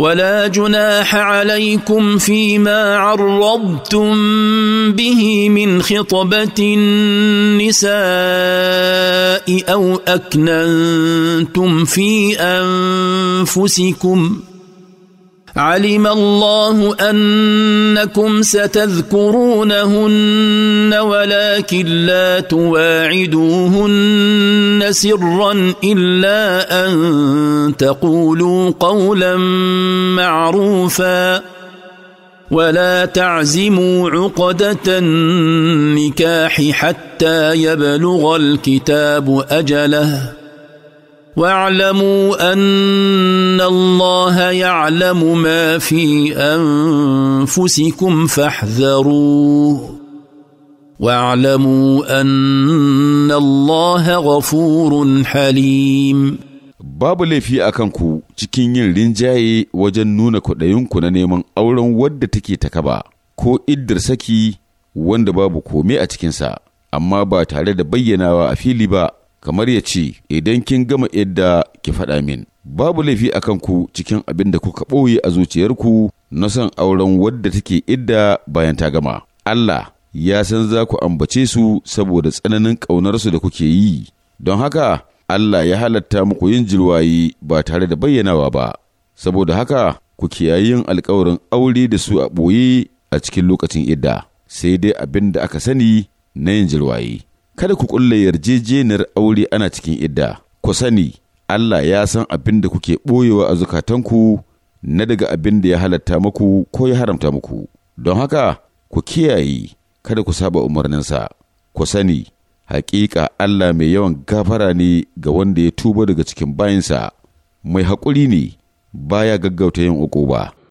ولا جناح عليكم فيما عرضتم به من خطبه النساء او اكننتم في انفسكم علم الله انكم ستذكرونهن ولكن لا تواعدوهن سرا الا ان تقولوا قولا معروفا ولا تعزموا عقده النكاح حتى يبلغ الكتاب اجله واعلموا ان الله يعلم ما في انفسكم فاحذروه واعلموا ان الله غفور حليم babu laifi a kanku cikin yin rinjaye wajen nuna kwaɗayinku na neman auren wadda take takaba ko iddar saki wanda babu komai a cikinsa amma ba tare da bayyanawa a fili ba kamar ya ce, Idan kin gama yadda ki faɗa min, babu laifi a kanku cikin abin da kuka ɓoye a zuciyarku na son auren wadda take idda bayan ta gama. Allah ya san za ku ambace su saboda tsananin ƙaunarsu da kuke yi, don haka Allah ya halatta muku yin jirwaye ba tare da bayyanawa ba, saboda haka ku kiyaye yin alkawarin aure da su a ɓoye a cikin lokacin idda, sai dai abin da aka sani na yin jirwaye. kada ku ƙulla yarjejeniyar aure ana cikin idda, ku sani Allah ya san abin da kuke ɓoyewa a zukatanku na daga abin da ya halatta muku ko ya haramta muku, don haka ku kiyaye kada ku saba umarninsa, ku sani hakika Allah mai yawan gafara ne ga wanda ya tuba daga cikin bayinsa, mai haƙuri ne baya gaggauta yin uku ba.